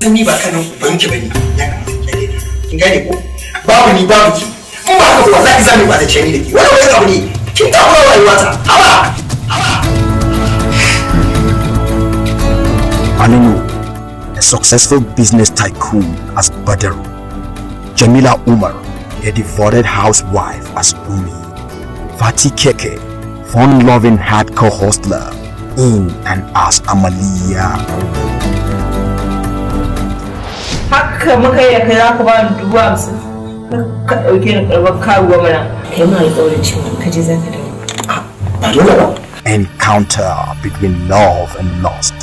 san ba kanin ya kamata kin gane ko babu ni babu ki in ba ba za ki zame ba da da ki wani wani abu ne kin ta kula rayuwa ta haba a successful business tycoon as Badaru, Jamila Umar, a devoted housewife as Umi, Fatih Keke, fun-loving hardcore hostler, in and as Amalia encounter between love and lust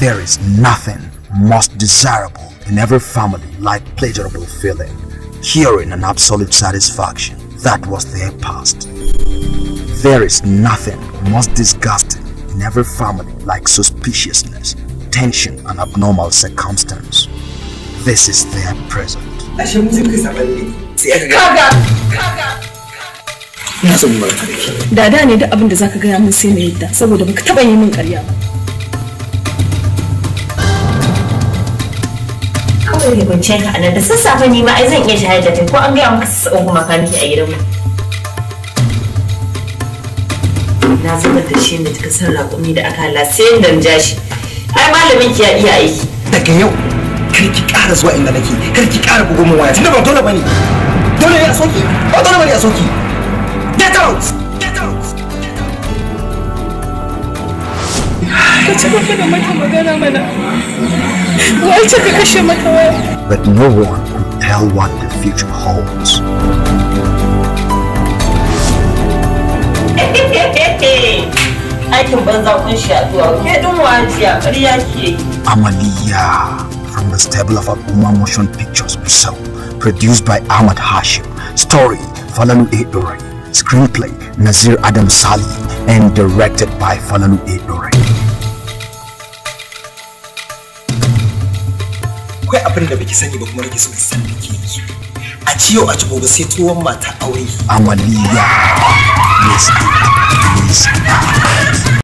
there is nothing most desirable in every family like pleasurable feeling hearing an absolute satisfaction that was their past there is nothing most disgusting in every family like suspiciousness tension and abnormal circumstance this is their present. Ashe ne. kaga Ina son mu Da da ne duk abin da zaka gaya min sai na yadda saboda baka taba yi min ƙarya ba. Kawai da kwanciyar ka anan da sassafe ni ma ai zan iya shayar da kai ko an gaya maka sassa kuma ka nake a gidanmu. Na zubar da shi da kika san raƙumi da aka hala sai da ja shi. Ai malamin ki ya iya aiki. Daga yau kar ki ƙara zuwa inda nake kar ki ƙara bugo min waya tunda ba dole bane dole ne a soki ba dole bane a soki get out get out ka ci gaba da mata magana mana wai ce ka kashe mata waya but no one could tell what the future holds aikin banza kun shi a zuwa ke dun wajiya ƙarya ke amaliya from the stable of Akuma Motion Pictures Busau. Produced by Ahmad Hashim. Story Falalu Edore. Screenplay Nazir Adam Sali. And directed by Falalu Edore. Akwai abin da baki sani ba kuma rage sun san da ke yi. A ciyo a jibo ba sai tuwon mata aure. Amaliya. Yes, yes.